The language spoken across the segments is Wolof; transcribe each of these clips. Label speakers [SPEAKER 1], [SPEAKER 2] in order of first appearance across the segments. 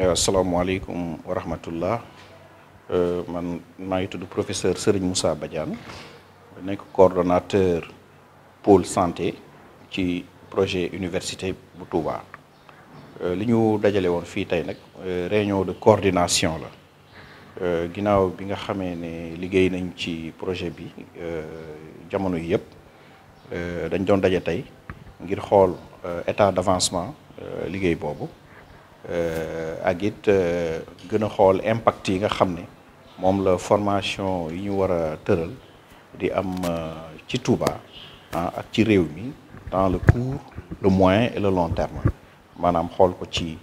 [SPEAKER 1] asalaamaaleykum wa rahmatullah euh, man maa ngi tudd professeur Serigne Moussa Badiane nekk coordonnateur pôle santé ci projet université bu Touba. Euh, li ñu dajale woon fii tey nag euh, réunion de coordination la ginnaaw bi nga xamee ne liggéey nañ ci projet bi jamono yi yëpp dañ doon daje tey ngir xool état d'avancement liggéey boobu. Euh, ak it euh, gën a xool impact yi nga xam ne moom la formation yi ñu war a tëral di am euh, ci Touba ah ak ci réew mi dans le court le moyen et le long terme maanaam xool ko ci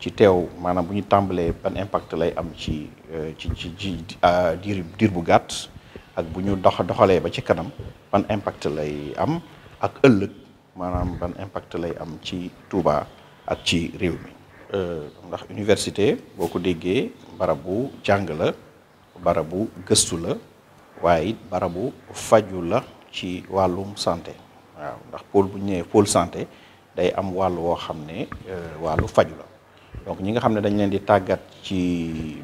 [SPEAKER 1] ci teew maanaam bu ñu tàmbalee ban impact lay am ci ci ci ci ah, diir diir bu gàtt ak bu ñu dox doxalee ba ci kanam ban impact lay am ak ëllëg maanaam ban impact lay am ci Touba. ak ci réew mi euh, ndax université boo ko déggee bu jàng la barabu gëstu la waaye it barabu faju la ci wàllum santé waaw ndax pool bu ñu nee pôle santé day am wàll woo xam ne euh, wàllu faju la donc ñi nga xam ne dañ leen di tàggat ci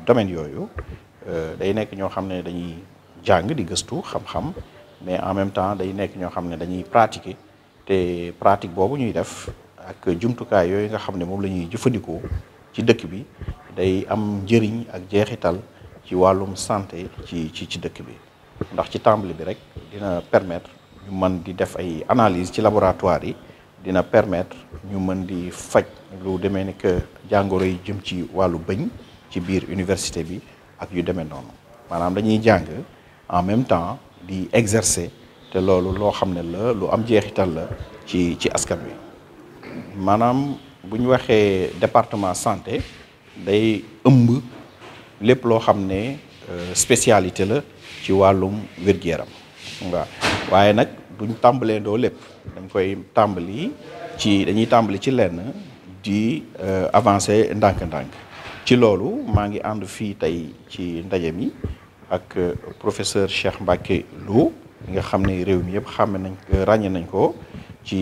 [SPEAKER 1] domaine yooyu euh, day nekk ñoo xam ne dañuy jàng di gëstu xam-xam mais en même temps day nekk ñoo xam ne dañuy pratiquer te pratique boobu ñuy def ak jumtukaay yooyu nga xam ne moom la ñuy jëfandikoo ci dëkk bi day am njëriñ ak jeexital ci wàllum santé ci ci ci dëkk bi ndax ci tàmbali bi rek dina permettre ñu mën di def ay analyse ci laboratoire yi dina permettre ñu mën di faj lu demee ni que jàngoro yi jëm ci wàllu bëñ ci biir université bi ak yu demee noonu maanaam dañuy jàng en même temps di exercer te loolu loo xam ne la lu am jeexital la ci ci askan wi. maanaam bu ñu waxee département santé day ëmb lépp loo xam ne euh, spécialité la ci wàllum wér-gu-yaram waaw waaye nag buñ tàmbalee doo lépp dañ koy tàmbali ci dañuy tàmbali ci lenn di euh, avancé ndànk-ndànk ci loolu maa ngi ànd fii tey ci ndaje mi ak euh, professeur Cheikh Mbacke Lo nga xam ne réew mi yëpp xame nañ ràññee nañ ko ci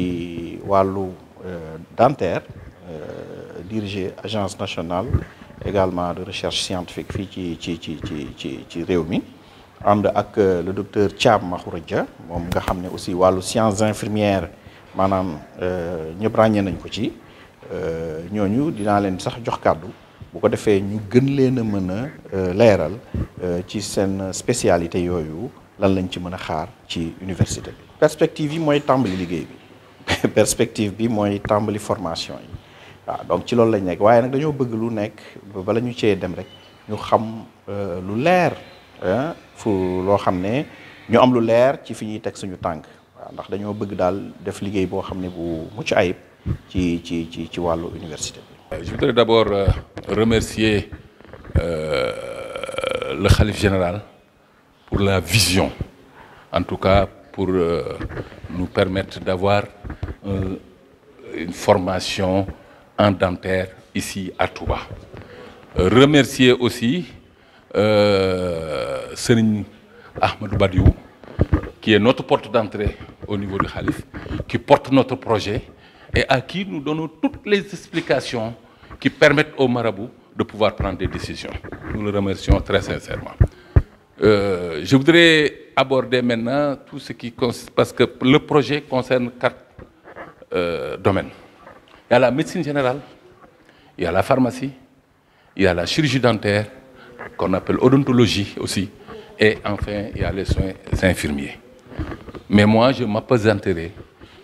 [SPEAKER 1] wàllu Euh, dentaire euh, diriger agence nationale également de recherche scientifique fii ci ci ci ci ci ci réew mi ànd ak euh, le docteur Thiam Makhoury moom nga xam ne aussi wàllu sciences infirmières maanaam ñëpp ràññee nañ ko ci ñooñu dinaa leen sax jox kàddu bu ko defee ñu gën leen a mën a leeral ci seen spécialité yooyu lan lañ ci mën a xaar ci université bi. perspective yi mooy tàmbali liggéey bi. perspective bi mooy tàmbali formation yi waaw donc ci loolu lañ nekk waaye nag dañoo bëgg lu nekk bala ñu cee dem rek ñu xam euh, lu leer fu loo xam ne ñu am lu leer ci fi ñuy teg suñu tànk waaw ndax dañoo bëgg daal def liggéey boo xam ne bu mucc ayib ci ci ci ci wàllu université
[SPEAKER 2] bi. je voudrais d'abord euh, remercier euh, le khalife général pour la vision en tout cas. pour euh, nous permettre d'avoir euh, une formation en dentaire ici à Touba. Euh, remercier aussi euh, Serigne Ahmed Badiou, qui est notre porte d'entrée au niveau du Khalif, qui porte notre projet et à qui nous donnons toutes les explications qui permettent au marabout de pouvoir prendre des décisions. Nous le remercions très sincèrement. Euh, je voudrais aborder maintenant tout ce qui parce que le projet concerne quatre euh, domaines. Il y la médecine générale, il y la pharmacie, il y a la chirurgie dentaire, qu'on appelle odontologie aussi, et enfin, il y a les soins infirmiers. Mais moi, je m'appesanterai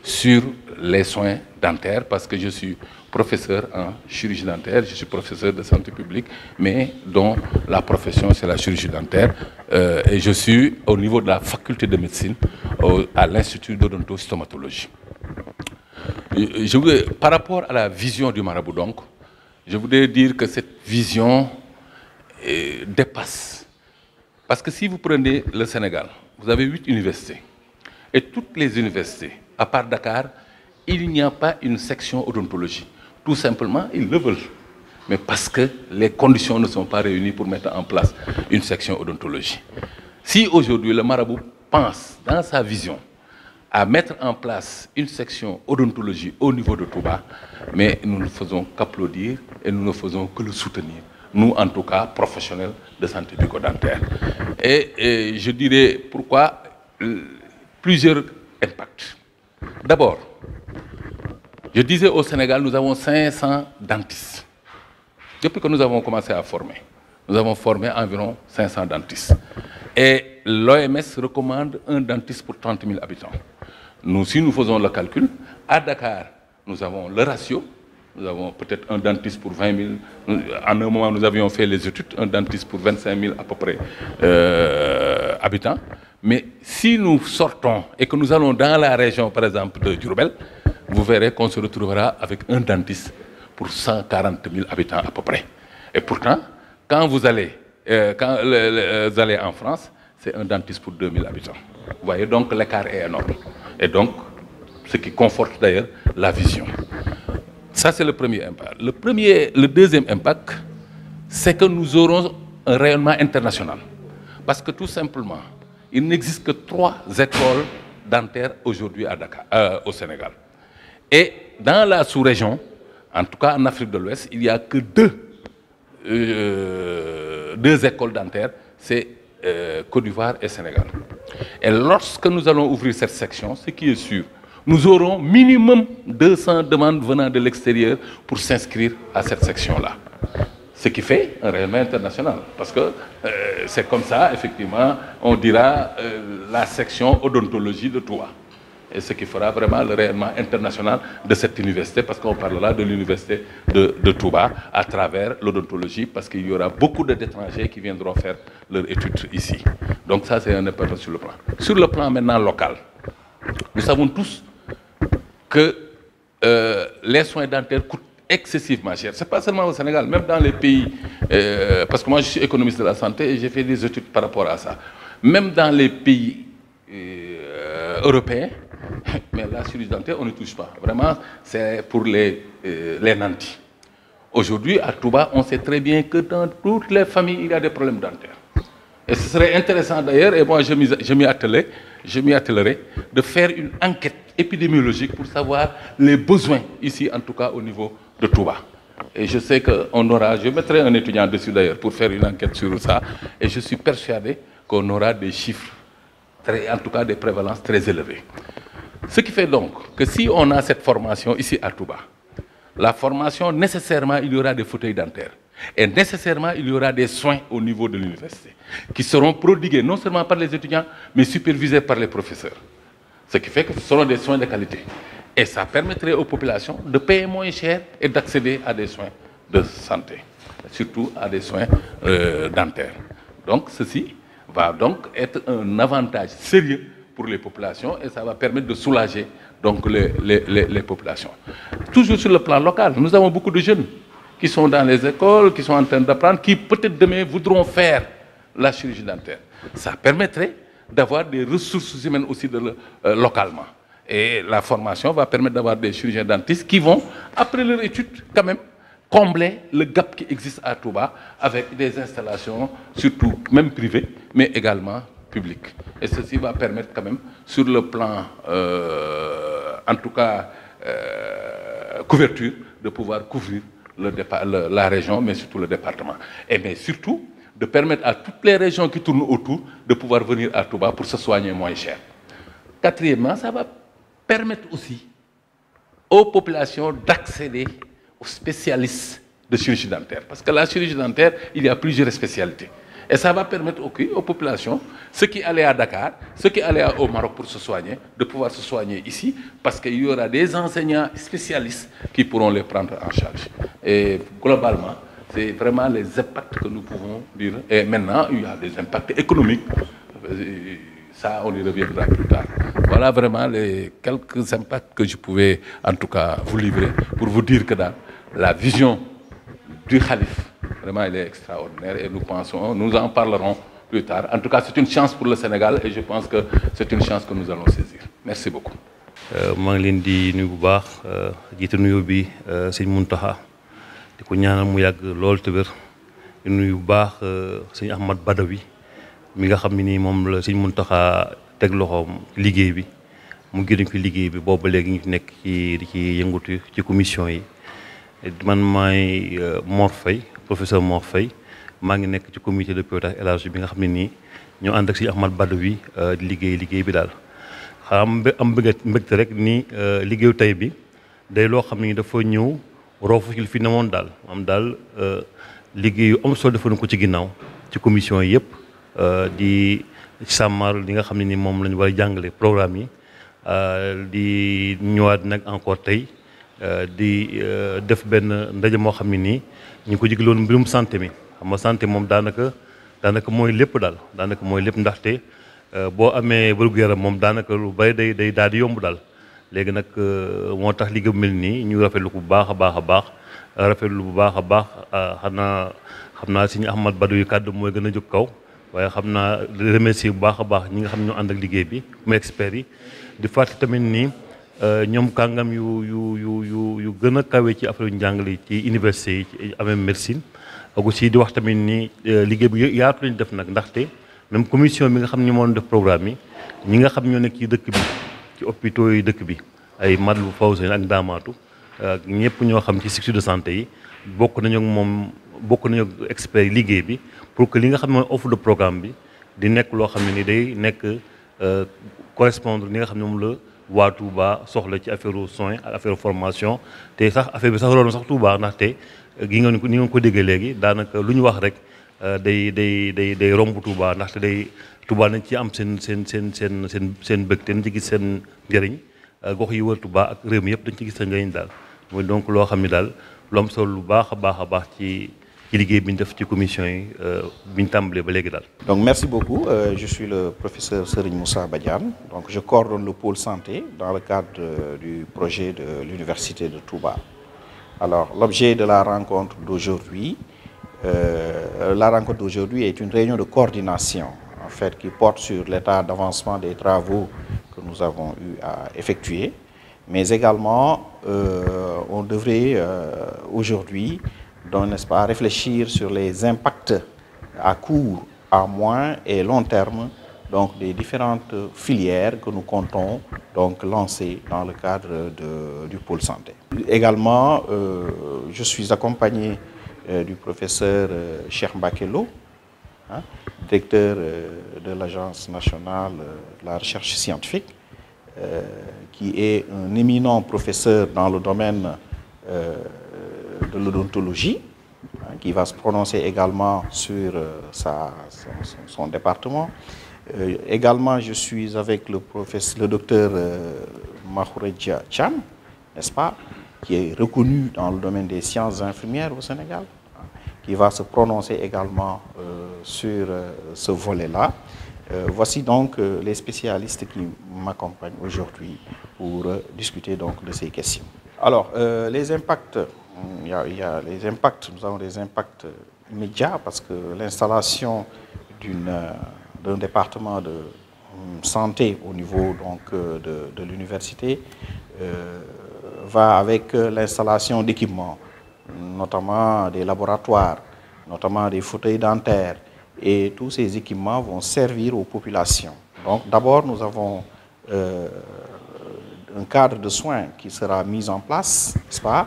[SPEAKER 2] sur les soins dentaires parce que je suis professeur en chirurgie dentaire, je suis professeur de santé publique, mais dont la profession c'est la chirurgie dentaire. Euh, et je suis au niveau de la faculté de médecine au, à l'Institut d'odontostomatologie. Euh, je voudrais, par rapport à la vision du marabout donc, je voudrais dire que cette vision eh, dépasse. Parce que si vous prenez le Sénégal, vous avez huit universités. Et toutes les universités, à part Dakar, il n'y a pas une section odontologie. Tout simplement, ils le veulent. Mais parce que les conditions ne sont pas réunies pour mettre en place une section odontologie. Si aujourd'hui le marabout pense dans sa vision à mettre en place une section odontologie au niveau de Touba, mais nous ne faisons qu'applaudir et nous ne faisons que le soutenir. Nous, en tout cas, professionnels de santé bucco-dentaire. Et, et je dirais pourquoi euh, plusieurs impacts. D'abord, Je disais au Sénégal, nous avons 500 dentistes. Depuis que nous avons commencé à former, nous avons formé environ 500 dentistes. Et l'OMS recommande un dentiste pour 30 000 habitants. Nous, si nous faisons le calcul, à Dakar, nous avons le ratio. Nous avons peut-être un dentiste pour 20 000. Nous, en un moment, nous avions un dentiste pour 25 000 à peu près euh, habitants. Mais si nous sortons et que nous allons dans la région, par exemple, de Djurbel, vous verrez qu'on se retrouvera avec un dentiste pour 140 000 habitants à peu près. Et pourtant, quand vous allez, euh, quand le, le, vous en France, c'est un dentiste pour 2 000 habitants. Vous voyez, donc l'écart est énorme. Et donc, ce qui conforte d'ailleurs la vision. Ça, c'est le premier impact. Le, premier, le deuxième impact, c'est que nous aurons un rayonnement international. Parce que tout simplement, il n'existe que trois écoles dentaires aujourd'hui à Dakar, euh, au Sénégal. Et dans la sous-région, en tout cas en Afrique de l'Ouest, il n'y a que euh, deux, écoles dentaires, c'est euh, Côte d'Ivoire et Sénégal. Et lorsque nous allons ouvrir cette section, ce qui est sûr, nous aurons minimum 200 demandes venant de l'extérieur pour s'inscrire à cette section-là. Ce qui fait un règlement international. Parce que euh, c'est comme ça, effectivement, on dira euh, la section odontologie de Troyes. et ce qui fera vraiment le rayonnement international de cette université, parce qu'on parlera de l'université de, de, Touba à travers l'odontologie, parce qu'il y aura beaucoup d'étrangers qui viendront faire leur étude ici. Donc ça, c'est un important sur le plan. Sur le plan maintenant local, nous savons tous que euh, les soins dentaires coûtent excessivement cher. Ce n'est pas seulement au Sénégal, même dans les pays, euh, parce que moi je suis économiste de la santé et j'ai fait des études par rapport à ça. Même dans les pays euh, européens, mais la chirurgie dentaire, on ne touche pas. Vraiment, c'est pour les, euh, les nantis. Aujourd'hui, à Touba, on sait très bien que dans toutes les familles, il y a des problèmes dentaires. Et ce serait intéressant d'ailleurs, et moi je m'y attelais, je m'y attellerai, de faire une enquête épidémiologique pour savoir les besoins ici, en tout cas au niveau de Touba. Et je sais qu'on aura, je mettrai un étudiant dessus d'ailleurs pour faire une enquête sur ça, et je suis persuadé qu'on aura des chiffres, tout cas des prévalences très élevées. Ce qui fait donc que si on a cette formation ici à Touba, la formation, nécessairement, il y aura des fauteuils dentaires. Et nécessairement, il y aura des soins au niveau de l'université qui seront prodigués non seulement par les étudiants, mais supervisés par les professeurs. Ce qui fait que ce seront des soins de qualité. Et ça permettrait aux populations de payer moins cher et d'accéder à des soins de santé, surtout à des soins euh, dentaires. Donc, ceci va donc être un avantage sérieux pour les populations et ça va permettre de soulager donc les, les, les, populations. Toujours sur le plan local, nous avons beaucoup de jeunes qui sont dans les écoles, qui sont en train d'apprendre, qui peut-être demain voudront faire la chirurgie dentaire. Ça permettrait d'avoir des ressources humaines aussi de le, euh, localement. Et la formation va permettre d'avoir des chirurgiens dentistes qui vont, après leur étude, quand même, combler le gap qui existe à Touba avec des installations, surtout même privées, publique. Et ceci va permettre quand même, sur le plan, euh, en tout cas, euh, couverture, de pouvoir couvrir le départ, le, la région, mais surtout le département. Et mais surtout, de permettre à toutes les régions qui tournent autour de pouvoir venir à Touba pour se soigner moins cher. Quatrièmement, ça va permettre aussi aux populations d'accéder aux spécialistes de chirurgie dentaire. Parce que la chirurgie dentaire, il y a plusieurs spécialités. Et ça va permettre aux, aux populations, ceux qui allaient à Dakar, ceux qui allaient au Maroc pour se soigner, de pouvoir se soigner ici, parce qu'il y aura des enseignants spécialistes qui pourront les prendre en charge. Et globalement, c'est vraiment les impacts que nous pouvons dire. Et maintenant, il y a des impacts économiques. Ça, on y reviendra plus tard. Voilà vraiment les quelques impacts que je pouvais, en tout cas, vous livrer pour vous dire que dans la vision du calife, Vraiment, il est extraordinaire et nous pensons, nous en parlerons plus tard. En tout cas, c'est une chance pour le Sénégal et je pense que c'est une chance que nous allons saisir.
[SPEAKER 3] Euh, maa ngi leen di nuyu bu baax euh, jiitu nuyu bi euh, sëñ Muntaxa di ko ñaanal mu yàgg lool te wér bu baax sëñ Ahmad Badawi mi nga xam ne nii moom la sëñ Muntaxa teg loxoom liggéey bi mu gënuñ fi liggéey bi boobu léegi nekk ci di ci yëngatu ci commission yi man maay Mor Faye professeur Mor Faye maa ngi nekk ci comité de pilotage élargi bi nga xam ne nii ñoo ànd ak si Ahmad Badawi euh, di liggéey liggéey bi daal xam am bëgg mbégte rek ni euh, liggéeyu tey bi day loo xam ne dafa ñëw roofu ci fi newoon daal moom daal euh, liggéeyu am soo defoon ko ci ginnaaw ci commission yëpp di sàmmar li nga xam ne ni moom lañu war a jàngale programme yi di ñëwaat nag encore tey Euh, di euh, def benn ndaje moo xam ne nii ñu ngi ko jigloon mbirum sante mi xam nga santé moom daanaka daanaka mooy lépp daal daanaka mooy lépp ndaxte euh, boo amee wérgu yaram moom daanaka lu bari day day daal di yomb daal léegi nag moo tax liggéey bu mel nii ñu rafetlu ko bu baax a baax a baax rafetlu bu baax a baax xanaa xam naa suñu Ahmad Badou yu kàddu mooy gën a jóg kaw waaye xam naa remercier bu baax a baax ñi nga xam ñu ànd ak liggéey bi mu experts yi di fàttali tamit Euh, ñoom kàngam yu yu yu yu yu gën a kawe ci affaire njàngale ci université yi ci amee médecine ak aussi di wax tamit ni euh, liggéey bi yaatu lañ def nag ndaxte même commission bi nga xam ni moo def programme yi ñi nga xam ñoo nekk ci dëkk bi ci hôpitaux yi dëkk bi ay Matlaboul Fawzayni ak Ndaamaatu ak ñëpp ñoo xam ci structure de santé yi bokk nañu moom bokk nañu ak experts liggéey bi pour que li nga xam ne mooy offre de programme bi di nekk loo xam ne ni day nekk euh, correspondre li nga xam ne la. waa Touba soxla ci affaire soin affaire formation te sax affaire bi sax loolu sax Touba ndaxte eh, gi nga ni nga ko déggee léegi daanaka lu ñu wax rek eh, day day day day romb Touba ndaxte day Touba nañ ci am seen seen seen seen seen seen bëgg te nañ ci gis seen njëriñ eh, gox yi wër Touba ak réew mi yëpp dañ ci gis seen njëriñ daal mooy donc loo xam ne daal lu am solo lu baax a baax a baax ci. ci liggéey bi ñu def ci commission yi euh, bi ñu tàmbalee ba léegi daal.
[SPEAKER 1] donc merci beaucoup
[SPEAKER 3] euh, je suis
[SPEAKER 1] le professeur Serigne Moussa Badiane donc je coordonne le pôle santé dans le cadre euh, du projet de l'université de Touba. alors l'objet de la rencontre d'aujourd'hui euh, la rencontre d'aujourd'hui est une réunion de coordination en fait qui porte sur l'état d'avancement des travaux que nous avons eu à effectuer mais également euh, on devrait euh, aujourd'hui donc n'est-ce pas, réfléchir sur les impacts à court, à moyen et long terme donc des différentes filières que nous comptons donc lancer dans le cadre de, du pôle santé. Également, euh, je suis accompagné euh, du professeur euh, Cheikh Mbakelo, hein, directeur euh, de l'Agence nationale euh, de la recherche scientifique, qui est un éminent professeur dans le domaine de l'odontologie, hein, qui va se prononcer également sur euh, son, département. Euh, également, je suis avec le professeur, le docteur euh, Mahouredja Chan, n'est-ce pas, qui est reconnu dans le domaine des sciences infirmières au Sénégal, hein, qui va se prononcer également euh, sur euh, ce volet-là. Euh, voici donc euh, les spécialistes qui m'accompagnent aujourd'hui pour euh, discuter donc de ces questions. les impacts il y, a, il y a les impacts. Nous avons des impacts immédiats parce que l'installation euh, d'un département de santé au niveau donc, euh, de, de l'université euh, va avec euh, l'installation d'équipements, notamment des laboratoires, notamment des fauteuils dentaires. Et tous ces équipements vont servir aux populations. Donc d'abord, nous avons euh, un cadre de soins qui sera mis en place, n'est-ce pas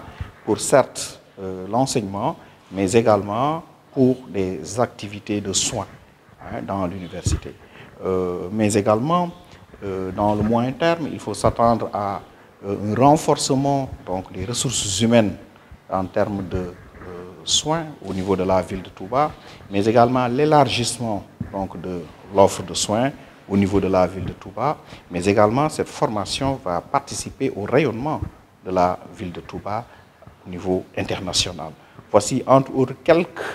[SPEAKER 1] pour certes euh, l'enseignement, mais également pour des activités de soins hein, dans l'université. Euh, mais également, euh, dans le moyen terme, il faut s'attendre à euh, un renforcement donc, des ressources humaines en termes de euh, soins au niveau de la ville de Touba, mais également l'élargissement donc, de l'offre de soins au niveau de la ville de Touba, mais également cette au niveau international. Voici entre autres quelques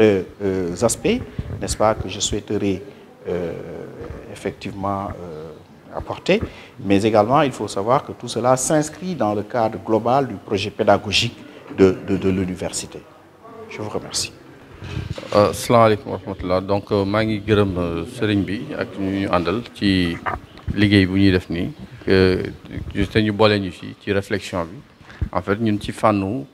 [SPEAKER 1] euh, euh, aspects, n'est-ce pas, que je souhaiterais euh, effectivement euh, apporter, mais également il faut savoir que tout cela s'inscrit dans le cadre global du projet pédagogique de, de, de l'université. Je vous
[SPEAKER 4] remercie. Euh, asalaamaaleykum wa rahmatullah donc euh, maa ngi gërëm sëriñ bi ak ñu àndal ci liggéey bu ñuy def nii te ñu boole ñu ci ci réflexion bi en fait ñun ci fànnu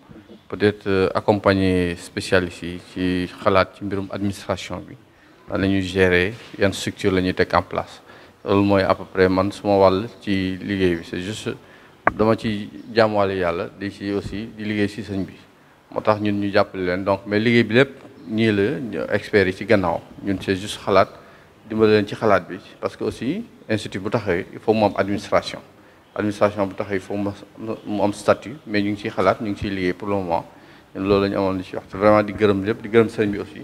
[SPEAKER 4] peut-être euh, accompagner spécialistes yi ci xalaat ci mbirum administration bi nan la ñuy gérer yan structure la ñuy teg en place loolu mooy à peu près man suma wàll ci liggéey bi c'est juste dama ci jaamuwaale yàlla di ci aussi di liggéey si sëñ bi moo tax ñun ñu jàppale leen donc mais liggéey bi lépp ñii la experts yi ci gannaaw ñun c'est juste xalaat dimbale leen ci xalaat bi parce que aussi institut bu taxawee il faut moom am administration administration bu taxaw foofu mu am statu mais ñu ngi ciy xalaat ñu ngi ciy liggéey pour le moment loolu la ñu amoon li ci wax vraiment di gërëm lépp di gërëm sëñ bi aussi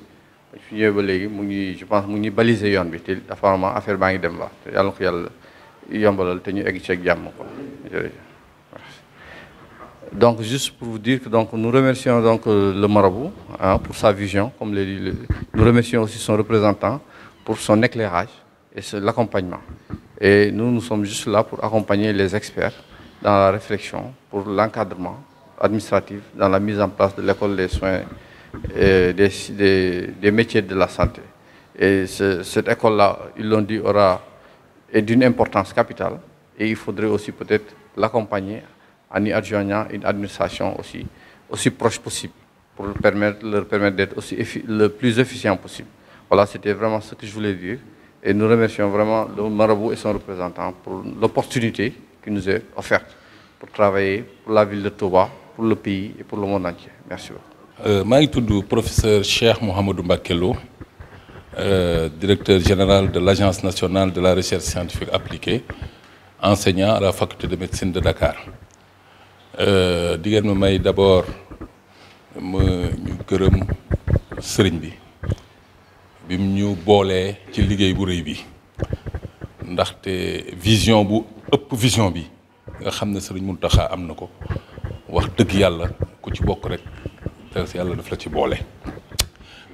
[SPEAKER 4] su ba léegi mu ngi je pense mu ngi baliser yoon bi te apparemment affaire baa ngi dem ba te yàlla ko yàlla yombalal te ñu egg ci ak jàmm quoi donc juste pour vous dire donc nous remercions donc le marabout hein, pour sa vision comme le dit le nous remercions aussi son représentant pour son éclairage et l'accompagnement Et nous, nous sommes juste là pour accompagner les experts dans la réflexion, pour l'encadrement administratif, dans la mise en place de l'école des soins et des, des, des, métiers de la santé. Et ce, cette école-là, ils l'ont dit, aura, est d'une importance capitale et il faudrait aussi peut-être l'accompagner en y adjoignant une administration aussi, aussi proche possible pour leur permettre, leur permettre d'être aussi le plus efficient possible. Voilà, c'était vraiment ce que je voulais dire. Et nous remercions vraiment le marabout et son représentant pour l'opportunité qui nous est offerte pour travailler pour la ville de Touba, pour le pays et pour le monde entier. Merci beaucoup.
[SPEAKER 2] Euh, maa ngi tudd professeur Cheikh Mouhamadou Mbacké Lo euh, directeur général de l'agence nationale de la recherche scientifique appliquée enseignant à la faculté de médecine de Dakar euh, di ngeen ma may d'abord ma ñu gërëm sëriñ bi bim ñu boolee ci liggéey bu rëy bi ndaxte vision bu ëpp vision bi nga xam ne Serigne Mountakha am na ko wax dëgg yàlla ku ci bokk rek te yàlla daf la ci boole.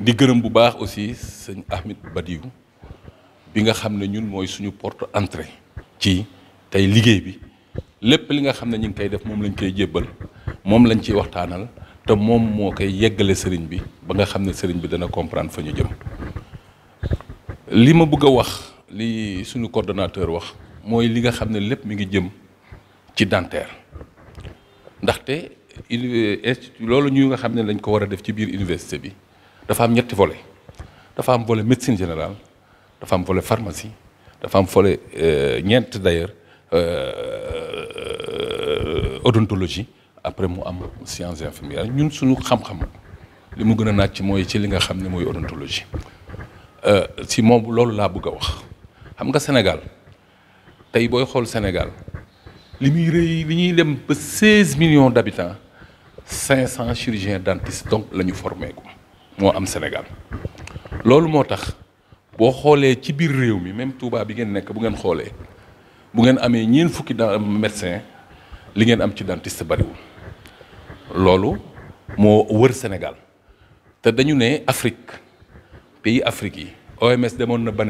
[SPEAKER 2] di gërëm bu baax aussi sëñ Ahmed Badiou bi nga xam ne ñun mooy suñu porte entrée ci tey liggéey bi lépp li nga xam ne ñu ngi koy def moom lañ koy jébbal moom lañ ciy waxtaanal te moom moo koy yeggale sëriñ bi ba nga xam ne sëriñ bi dana comprendre fa ñu jëm. li ma bëgg a wax lii suñu coordonateur wax mooy li nga xam ne lépp mu ngi jëm ci Dentaire ndaxte institut loolu ñu nga xam ne lañ ko war a def ci biir université bi dafa am ñetti vole dafa am volet médecine général dafa am volet pharmacie dafa am volet euh, ñeent d'ailleurs euh, odontologie après mu am sciences infirmières ñun suñu xam-xam li mu gën a naaj ci mooy ci li nga xam ne mooy odontologie si euh, moom loolu laa bëgg a wax xam nga Sénégal tey booy xool Sénégal li muy rëy li ñuy dem ba seize million d' habitants cinq cent chirurgiens dentistes donc la ñu formé ko moo am Sénégal loolu moo tax boo xoolee ci biir réew mi même Touba bi ngeen nekk bu ngeen xoolee bu ngeen amee ñeen fukki da médecin li ngeen am ci dentiste bariwul loolu moo wër Sénégal te dañu ne Afrique pays Afrique yi OMS demoon na ba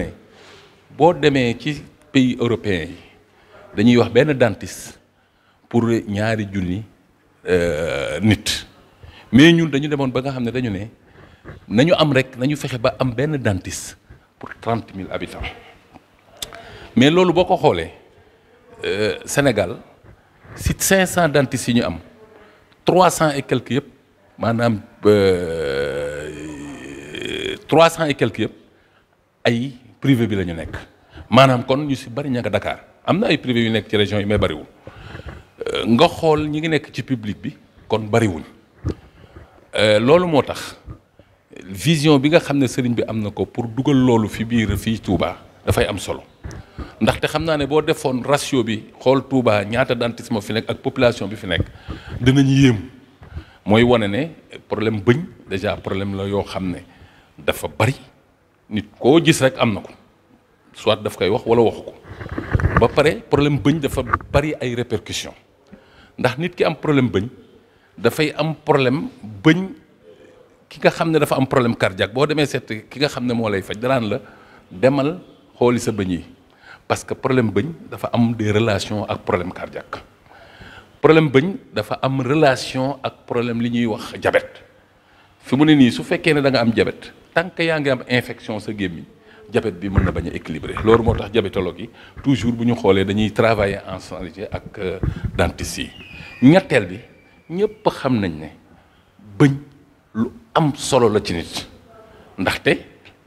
[SPEAKER 2] boo demee ci pays européens yi dañuy wax benn dentiste pour ñaari junni euh, nit mais ñun dañu demoon ba nga xam ne dañu ne nañu am rek nañu fexe ba am benn dentiste pour trente mille habitants mais loolu boo ko xoolee euh, Sénégal si cinq cent dentistes yi ñu am trois cent et quelques maanaam. Euh, trois cent et quelques yëpp ay privé bi la ñu nekk maanaam kon ñu si bari ña nga am na ay privé yu nekk ci région yi mais bariwul euh, nga xool ñi ngi nekk ci public bi kon bariwuñ euh, loolu moo tax vision bi nga xam ne sëriñ bi am na ko pour dugal loolu fi biir fii tuubaa dafay am solo ndaxte xam naa ne boo defoon ratio bi xool tuubaa ñaata dentisme fi nekk ak population bi fi nekk dinañ yéem mooy wane ne problème bëñ déjà problème la yoo xam ne dafa bari nit koo gis rek am na ko soit daf koy wax wala waxu ko ba pare problème bëñ dafa bari ay répercussions ndax nit ki am problème bëñ dafay am problème bëñ ki nga xam ne dafa am problème cardiaque boo demee seet ki nga xam ne moo lay faj daraan la demal xooli sa bëñ yi parce que problème bëñ dafa am des relation ak problème cardiaque problème bëñ dafa am relation ak problème li ñuy wax jabet fi mu ne nii su fekkee ne da nga am jabet tant que yaa ngi am infection sa gémmiñ jabet bi mën na bañ a équilibré loolu moo tax diabétologue yi toujours bu ñu xoolee dañuy travailler en santé ak euh, dentiste yi ñetteel bi ñëpp xam nañ ne bëñ lu am solo la ci nit ndaxte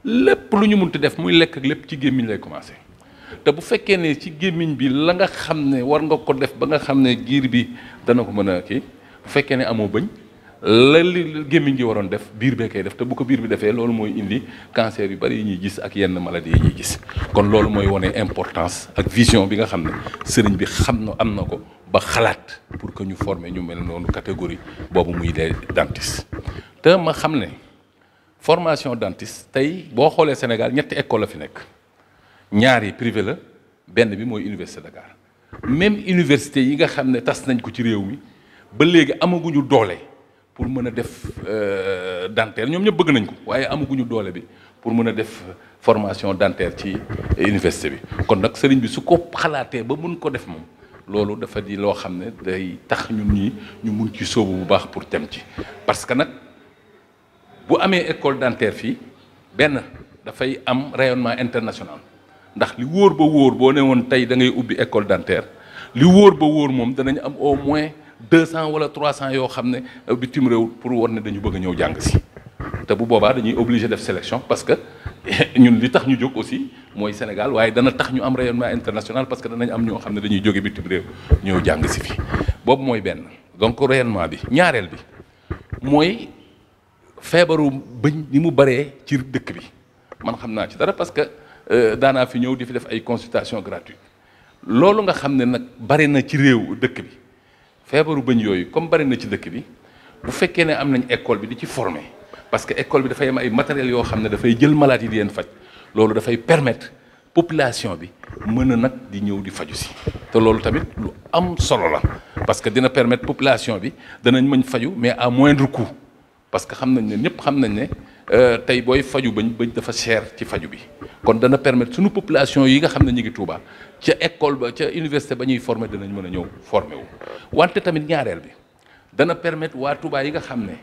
[SPEAKER 2] lépp lu ñu munti def muy lekk ak lépp ci gémmiñ lay commencé te bu fekkee ne ci gémmiñ bi la nga xam ne war nga ko def ba nga xam ne giir bi dana ko mën a kii bu fekkee ne amoo bëñ la li gémmiñ gi waroon def biir bee koy def te bu ko biir bi defee loolu mooy indi cancer yu bari yi ñuy gis ak yenn maladie yi ñuy gis kon loolu mooy wane importance ak vision bi nga xam ne sëriñ bi xam na am na ko ba xalaat pour que ñu former ñu mel noonu catégorie boobu muy des dentistes te ma xam ne formation dentiste tey boo xoolee Sénégal ñetti école la fi nekk ñaari yi privé la benn bi mooy université Dakar même université yi nga xam ne tas nañ ko ci réew mi ba léegi amaguñu doole. pour mën a def euh, dentaire ñoom ñëpp bëgg nañ ko waaye amaguñu doole bi pour mën a def formation dentaire ci université bi kon nag sëriñ bi su ko xalaatee ba mun ko def moom loolu dafa di loo xam ne day tax ñu ñi ñu mun ci sóobu bu baax pour dem ci parce que nag bu amee école dentaire fii benn dafay am rayonement international ndax li wóor ba wóor boo nee woon tey da ngay ubbi école dentaire li wóor ba wóor moom danañ am au moins deux cent wala trois cent yoo xam ne euh, bitim réew pour war ne dañu bëgg a ñëw jàng si te bu boobaa dañuy obligé def sélection parce que ñun li tax ñu jóg aussi mooy Sénégal waaye dana tax ñu am rayonnement international parce que danañ am ñoo xam ne dañuy jóge bitim réew ñëw jàng si fii boobu mooy benn donc rayonnement bi ñaareel bi mooy feebaru bëñ ni mu baree ci dëkk bi man xam naa ci dara parce que euh, daanaa fi ñëw di fi def ay consultation gratuite loolu nga xam ne nag bare na ci réew dëkk bi feebaru bëñ yooyu comme bari na ci dëkk bi bu fekkee ne am nañ école bi di ci former parce que école bi dafay am ay matériel yoo xam ne dafay jël malade yi di leen faj loolu dafay permettre population bi mën a nag di ñëw di faju si te loolu tamit lu am solo la parce que dina permettre population bi danañ mën faju mais à moindre coût parce que xam nañ ne ñëpp xam nañ ne euh, tey booy faju bañ bañ dafa cher ci faju bi kon dana permettre suñu population yi nga xam ne ñu ngi Touba ca école ba ca université ba ñuy former danañ mën a ñëw former wu wante tamit ñaareel bi dana permettre waa tubaa yi nga xam ne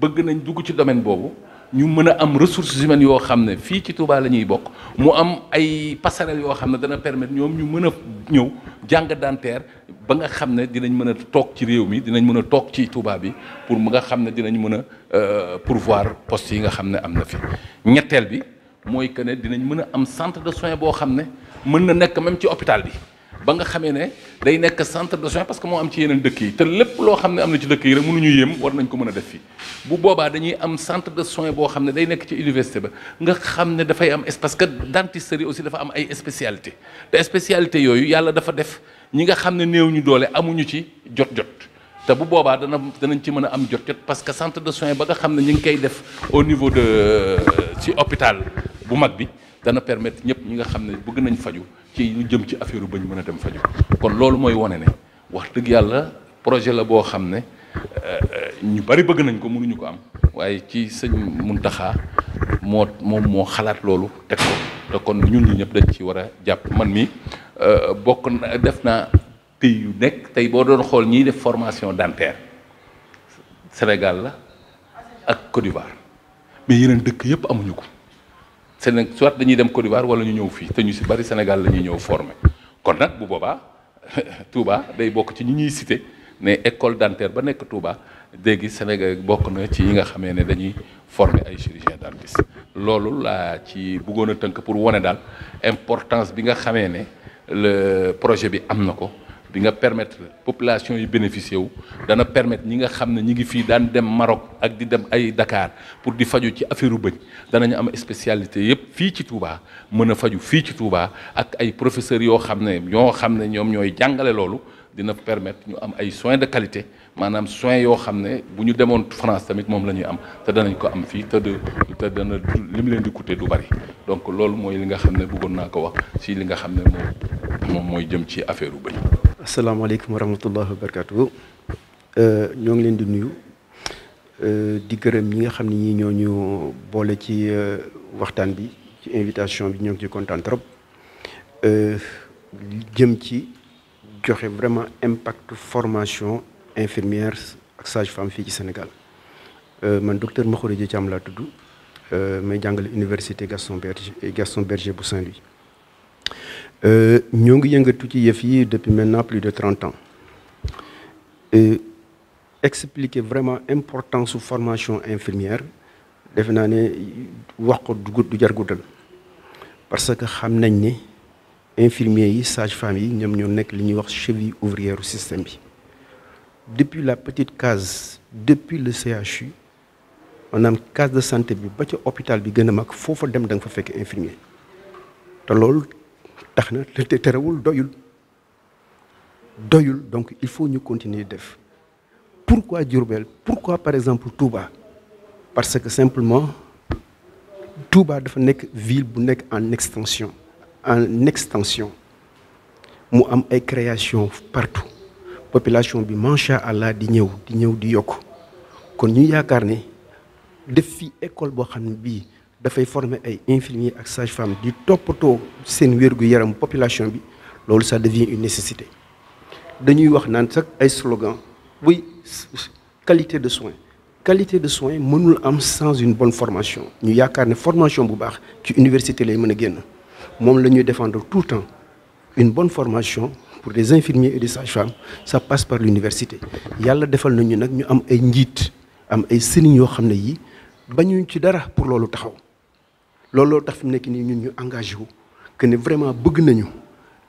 [SPEAKER 2] bëgg nañ dugg ci domaine boobu ñu mën a am ressources humaines yoo xam ne fii ci Touba la ñuy bokk mu am ay passerelles yoo xam ne dana permettre ñoom ñu mën a ñëw jàng dentaire ba nga xam ne dinañ mën a toog ci réew mi dinañ mën a toog ci Touba bi pour mu nga xam ne dinañ mën a euh, pourvoir postes yi nga xam ne am na fi ñetteel bi mooy que ne dinañ mën a am centre de soins boo xam ne mën na nekk même ci hôpital bi ba nga xamee ne day nekk centre de soins parce que moo am ci yeneen dëkk yi te lépp loo xam ne am na ci dëkk yi rek mënuñu yéem war nañ ko mën a def fii bu boobaa dañuy am centre de soins boo xam ne day nekk ci université ba nga xam ne dafay am parce que dentisterie aussi dafa am ay spécialité te spécialité yooyu yàlla dafa def ñi nga xam ne néew ñu doole amuñu ci jot-jot te bu boobaa dana danañ ci mën a am jot-jot parce que centre de soins ba nga xam ne ñu ngi koy def au niveau de ci hôpital bu mag bi dana permettre ñëpp ñi nga xam ne bëgg nañ faju ci ñu jëm ci affaire ba mën a dem faju kon loolu mooy wane ne wax dëgg yàlla projet la boo xam ne euh, euh, ñu bari bëgg nañ ko mënuñu ko am waaye ci sëñ Muntaxa moo moom moo xalaat loolu teg ko te kon ñun ñi ñëpp dañ ci war a jàpp man mi euh, bokk na def naa pays yu nekk tey boo doon xool ñiy def formation dentaire Sénégal la ak Côte d'Ivoire mais yeneen dëkk yëpp amuñu ko c'est nag soit dañuy dem Côte d'Ivoire wala ñu ñëw fii te ñu si bari Sénégal lañuy ñëw formé kon nag bu boobaa Touba day bokk ci ñu ñuy cité ne école dentaire ba nekk Touba déggi Sénégal bokk na ci yi nga xamee ne dañuy former ay chirurgien dentiste loolu laa ci bëggoon a tënk pour wane daal importance bi nga xamee ne le projet bi am na ko bi nga permettre population yi bénéficier wu dana permettre ñi nga xam ne ñi ngi fii daan dem Maroc ak di dem ay dakaar pour di faju ci affaireu bëñ danañu am spécialité yëpp fii ci Touba mën a faju fii ci tuubaa ak ay professeurs yoo xam ne ñoo xam ne ñoom ñooy jàngale loolu dina permettre ñu am ay soins de qualité maanaam soins yoo xam ne bu ñu demoon France tamit moom la ñuy am te danañ ko am fii te de te dana li leen di coûter du bari donc loolu mooy li nga xam ne buggoon naa ko wax si li nga xam ne moom moom mooy jëm ci affaire u bëñ.
[SPEAKER 5] asalaamaaleykum wa rahmatullahi wa barakaatu. Euh, ñoo ngi leen di nuyu euh, di gërëm ñi nga xam ne ñii ñoo ñu boole ci euh, waxtaan bi ci invitation bi ñoo ngi ci kontaan trop jëm ci joxe vraiment impact formation infirmière ak sage-femme fii ci Sénégal euh, man docteur ci am laa tudd euh, may jàngale université Gaston Berger euh, Gaston Berger bu Saint-Louis ñoo ngi yëngatu ci yëf yi depuis maintenant plus de trente ans expliquer vraiment importance su formation infirmière defe naa ne wax ko du jar guddal parce que xam nañ ni. infirmiers yi sage femmes yi ñoom ñoo nekk li ñuy wax cheville ouvrière système bi depuis la petite case depuis le CHU maanaam case de santé bi ba ca hôpital bi gën a mag foofa dem da nga fa fekk infirmier te loolu tax na te terewul doyul doyul donc il faut ñu continuer def pourquoi Diourbel pourquoi par exemple Touba parce que simplement Touba dafa nekk ville bu nekk en extension en extension mu am ay création partout population bi macha allah di ñëw di ñëw di yokk kon ñu yaakaar ne def fi école boo xam ne bii dafay former ay infirmiers ak sages-femmes di toppatoo seen wér-gu-yaram population bi loolu ça devient une nécessité dañuy wax naan sax ay slogan buy qualité de soins qualité de soins mënul am sans une bonne formation ñu yaakaar ne formation bu baax ci université lay mën a génn moom la ñuy défendre tout le temps une bonne formation pour des infirmiers et des sages-femmes passe par l'université yàlla defal nañu nag ñu am ay njiit am ay sëriñ yoo xam ne yi bañuñ ci dara pour loolu taxaw loolu looloo tax fi mu nekk nii ñun ñu engagé wu que ne vraiment bëgg nañu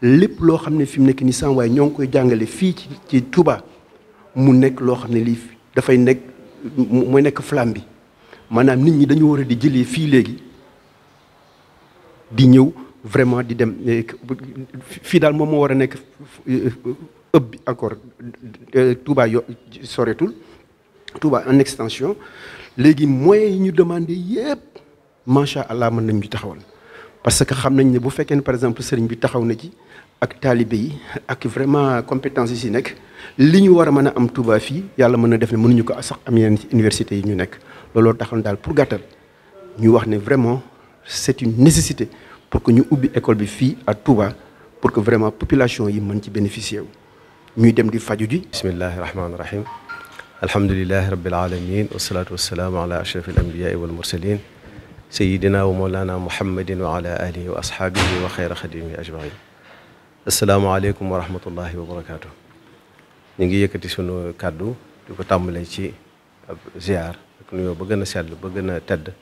[SPEAKER 5] lépp loo xam ne fi mu nekk nii sans waaye ñoo ngi koy jàngale fii ci ci Touba mu nekk loo xam ne lii dafay nekk mooy nekk flamme bi maanaam nit ñi dañu war a di jëlee fii léegi di ñëw vraiment di dem eh, fii daal moom moo war a nekk ëpp eh, bi encore eh, Touba yo soretul Touba en extension léegi mooy ñu ñu demandé yëpp macha allah mën nañ ñu taxawal parce que xam nañ ne bu fekkee ne par exemple sëriñ bi taxaw na ci ak taalibe yi ak vraiment compétence yi si nekk li ñu war a mën a am Touba fii yàlla mën na def ne mënuñu ko sax am yeneen ci université yi ñu nekk looloo taxoon daal pour gàttal ñu wax ne vraiment c'est une nécessité pour que ñu ubbi école bi fii à Touba pour que vraiment population yi mën ci bénéficier wu ñuy dem di faju ji bismillahi
[SPEAKER 6] rahmaani rahim alhamdulilahi rabbil alamin wasalaatu wasalaamu ala ashraf al anbiyai wal mursalin sayidina wa mawlana muhammadin wa ala alihi wa ashaabihi wa xayra xadimi ajmain asalaamaaleykum wa rahmatullahi wa barakaatu ñu ngi yëkkati sunu kàddu di ko tàmbalee ci ab ziar ak nuyoo ba gën a sell ba gën a tedd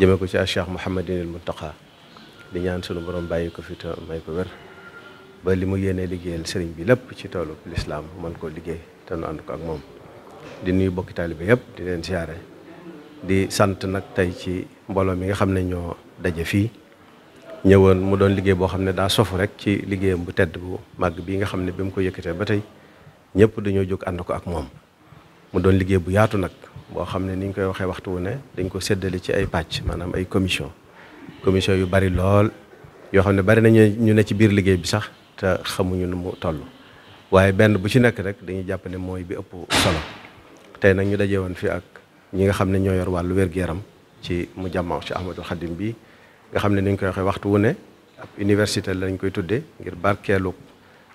[SPEAKER 6] jëme ko ci a cheikh muhammadin al muntaqa di ñaan sunu borom bàyyi ko fi te may ko wér ba li mu yéene liggéeyal sëriñ bi lépp ci toolu lislaam man koo liggéey te nu ànd ko ak moom di nuyu bokki taalibe yëpp di leen siyaare di sant nag tey ci mbooloo mi nga xam ne ñoo daje fii ñëwoon mu doon liggéey boo xam ne daa sofu rek ci liggéeyam bu tedd bu màgg bi nga xam ne bi mu ko yëkkatee ba tey ñëpp dañoo jóg ànd ko ak moom mu doon liggéey bu yaatu nag boo xam ne ni ñu koy waxee waxtu wu ne dañ ko séddale ci ay pàcc maanaam ay commission commission yu bari lool yoo xam ne bari nañu ñu ne ci biir liggéey bi sax te xamuñu nu mu toll waaye benn bu ci nekk rek dañuy jàpp ne mooy bi ëpp solo tey nag ñu daje woon fi ak ñi nga xam ne ñoo yor wàllu wér-gu-yaram ci mu jàmmaw ci Ahmadul Xadim bi nga xam ne ni ñu koy waxee waxtu wu ne ab université lañ koy tuddee ngir barkeelu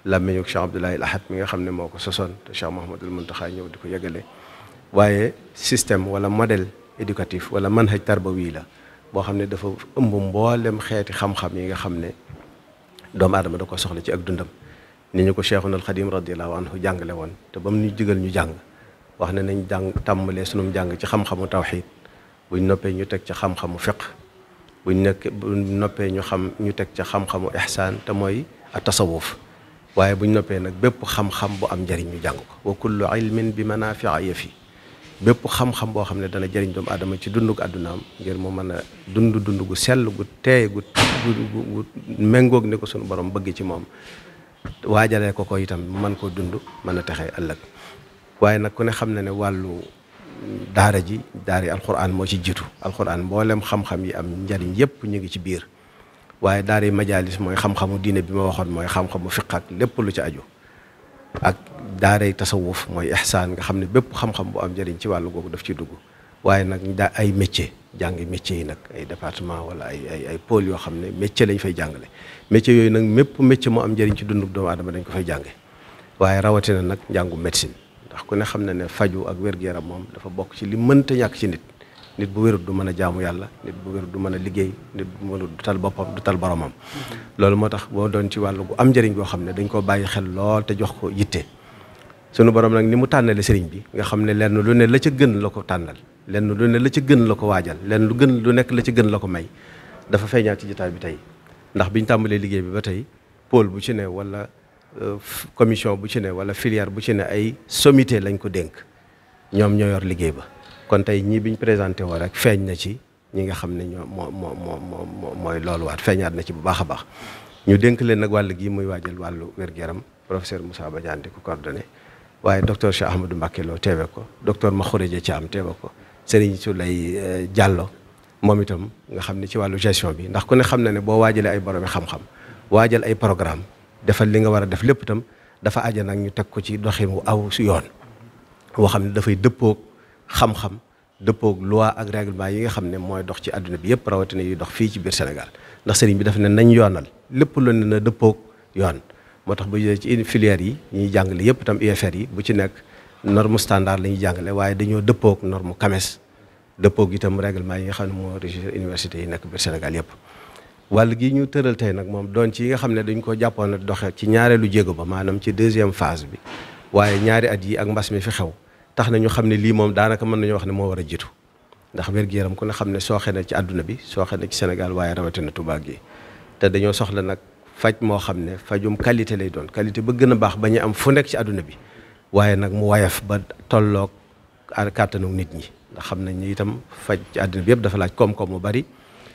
[SPEAKER 6] làmmiñu Cheikh Abdoulaye Ahad mi nga xam ne moo ko sosoon te Cheikh Mouhamadul Mountakha ñëw di ko yëgale waaye système wala modèle éducatif wala manhaj tarbawi la boo xam ne dafa ëmb mboolem xeeti xam-xam yi nga xam ne doomu aadama da ko soxla ci ak dundam ni ñu ko Cheikhuna al Xadim radiyallahu anhu jàngale woon te ba mu ñu digal ñu jàng wax ne nañ jàng tàmbalee sunum jàng ci xam-xamu tawxiid buñ noppee ñu teg ca xam-xamu fiq buñ nekk noppee ñu xam ñu teg ca xam-xamu ihsaan te mooy at tasawuf waaye buñ noppee nag bépp xam-xam bu am njëriñ ñu jàng ko wa kullu ilmin bi manaafi'a yafi bépp xam-xam boo xam ne dana jariñ doomu adama ci dunduk àddunaam ngir mu mën a dund dund gu sell gu teey gu gu ni ko sunu borom bëgg ci moom waajalee ko ko itam mën koo dund mën a texe ëllëg waaye nag ku ne xam na ne wàllu daara ji daar daari alxuraan moo ci jiitu alxuraan mboolem xam-xam yi am njariñ yépp ñu ngi ci biir waaye daar yi majaalis mooy xam-xamu diine bi ma waxoon mooy xam-xamu fiq ak lépp lu ci aju ak daaray tasawuf mooy ihsaan nga xam ne bépp xam-xam bu am njëriñ ci wàllu googu daf ci dugg waaye nag daa ay métier jàngi métier yi nag ay département wala ay ay ay yoo xam ne métier lañ fay jàngale métier yooyu nag mépp métier moo am njëriñ ci dundub doomu dañ ko fay jànge waaye rawatina nag njàngu médecine ndax ku ne xam na ne faju ak wér yaram moom dafa bokk ci li mënta ñàkk ci nit nit bu wérut du mën a jaamu yàlla nit bu wérut du mën a liggéey nit bu mënut du tal boppam du tal boromam mm-hmm. loolu moo tax boo doon ci wàllu gu am njëriñ goo xam ne dañ koo bàyyi xel lool te jox ko yitte sunu borom nag ni mu tànnale sëriñ bi nga xam ne lenn lu ne la ca gën la ko tànnal lenn lu ne la ca gën la ko waajal lenn lu gën lu nekk la ca gën la ko may dafa feeñaat ci jotaay bi tey ndax bi ñu tàmbalee liggéey bi ba tey pool bu ci ne wala euh, commission bu ci ne wala filière bu ci ne ay sommité lañ ko dénk ñoom ñoo yor liggéey ba kon tey ñii biñ présenté woo rek feeñ na ci ñi nga xam ne ñoo moo moo moo mooy looluwaat waat feeñaat na ci bu baax a baax ñu dénk leen nag wàll gi muy waajal wàllu wér yaram professeur Moussa Badiane di ko coordonné waaye docteur Cheikh Ahmadou Mbacké Lo teewe ko docteur Makhouredia am teewe ko Serigne Souley eh, Diallo moom itam nga xam ne ci wàllu gestion bi ndax ku ne xam na ne boo waajalee ay boromi xam-xam waajal ay programme defal li nga war a def lépp itam dafa aja nag ñu teg ko ci doxin wu aw si yoon woo xam ne dafay dëppoog xam-xam dëppoog loi ak règlement yi nga xam ne mooy dox ci àdduna bi yëpp rawatina yuy dox fii ci biir Sénégal ndax sëriñ bi daf ne nañ yoonal lépp lu na dëppoog yoon moo tax bu ñu ci filière yi ñuy jàngale yëpp itam UFR yi bu ci nekk norme standard la ñuy jàngale waaye dañoo dëppoog norme CAMES dëppoog itam règlement yi nga xam ne moo régir yi nekk biir Sénégal yëpp. wàll gi ñu tëral tey nag moom doon ci yi nga xam ne dañ ko jàppoon doxe ci ñaareelu jéego ba maanaam ci deuxième phase bi waaye ñaari at yi ak mbas mi fi xew tax na ñu xam ne lii moom daanaka mën nañu wax ne moo war a jiitu ndax wér-gu-yaram ku ne xam ne sooxe na ci àdduna bi sooxe na ci Sénégal waaye rawatina Touba gi te dañoo soxla nag faj moo xam ne fajum qualité lay doon qualité ba gën a baax ba ñu am fu nekk ci àdduna bi waaye nag mu wayaf ba tolloog kàttanu nit ñi ndax xam nañ ni itam faj ci àdduna bi yëpp dafa laaj koom-koom mu bari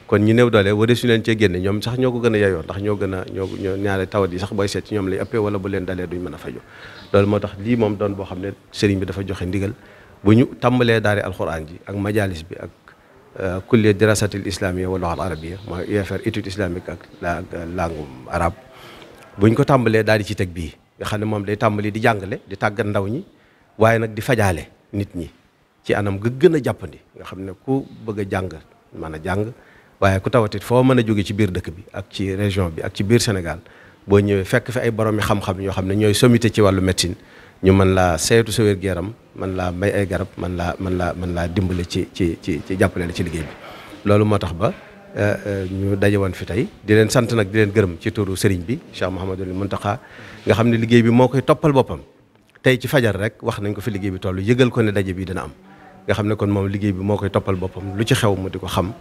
[SPEAKER 6] kon ñu new doole wala su leen cee génne ñoom sax ñoo ko gën a yeyoo ndax ñoo gën a ñoo ñaare tawat yi sax booy seet ci ñoom lay ëppee wala bu leen dalee duñ mën a faju loolu moo tax lii moom doon boo xam ne sëriñ bi dafa joxe ndigal bu ñu tàmbalee daari alxuraan ji ak majalis bi ak kulliya dirasatil islamiyya wal lugha al arabiyya mooy UFR étude islamique ak la arab arabe buñ ko tàmbalee daal di ci teg bii nga xam ne moom day tàmbali di jàngale di tàggat ndaw ñi waaye nag di fajaale nit ñi ci anam ga gën a jàppandi nga xam ne ku bëgg a jàng mën a jàng waaye ku tawatit foo mën a jóge ci biir dëkk bi ak ci région bi ak ci biir Sénégal boo ñëwee fekk fi ay boroomi xam-xam ñoo xam ne ñooy sommité ci wàllu médecine ñu man laa seetu sa wér man laa may ay garab man laa man laa mën laa dimbale ci ci ci ci jàppale la ci liggéey bi loolu moo tax ba eh, eh, ñu daje woon fi tey di leen sant nag di leen gërëm ci turu sëriñ bi Cheikh Mouhamadul Mountakha nga xam ne liggéey bi moo koy toppal boppam tey ci fajar rek wax nañ ko fi liggéey bi toll yëgal ko ne daje bii dina am nga xam ne kon moom liggéey bi moo koy toppal boppam lu ci xew mu di ko xam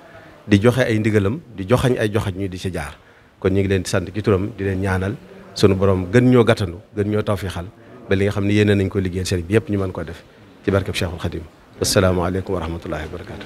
[SPEAKER 6] di joxe ay ndigalam di joxañ ay joxañ ñu di ci jaar kon ñu ngi leen di sant ci turam di leen ñaanal sunu borom gën ñoo gàttandu gën ñoo tawfiixal ba li nga xam ne yéene nañ ko liggéeyal sëriñ bi yëpp ñu mën ko def ci barkeb Cheikhul Khadim asalaamaaleykum wa rahmatullahi wa barakaatu.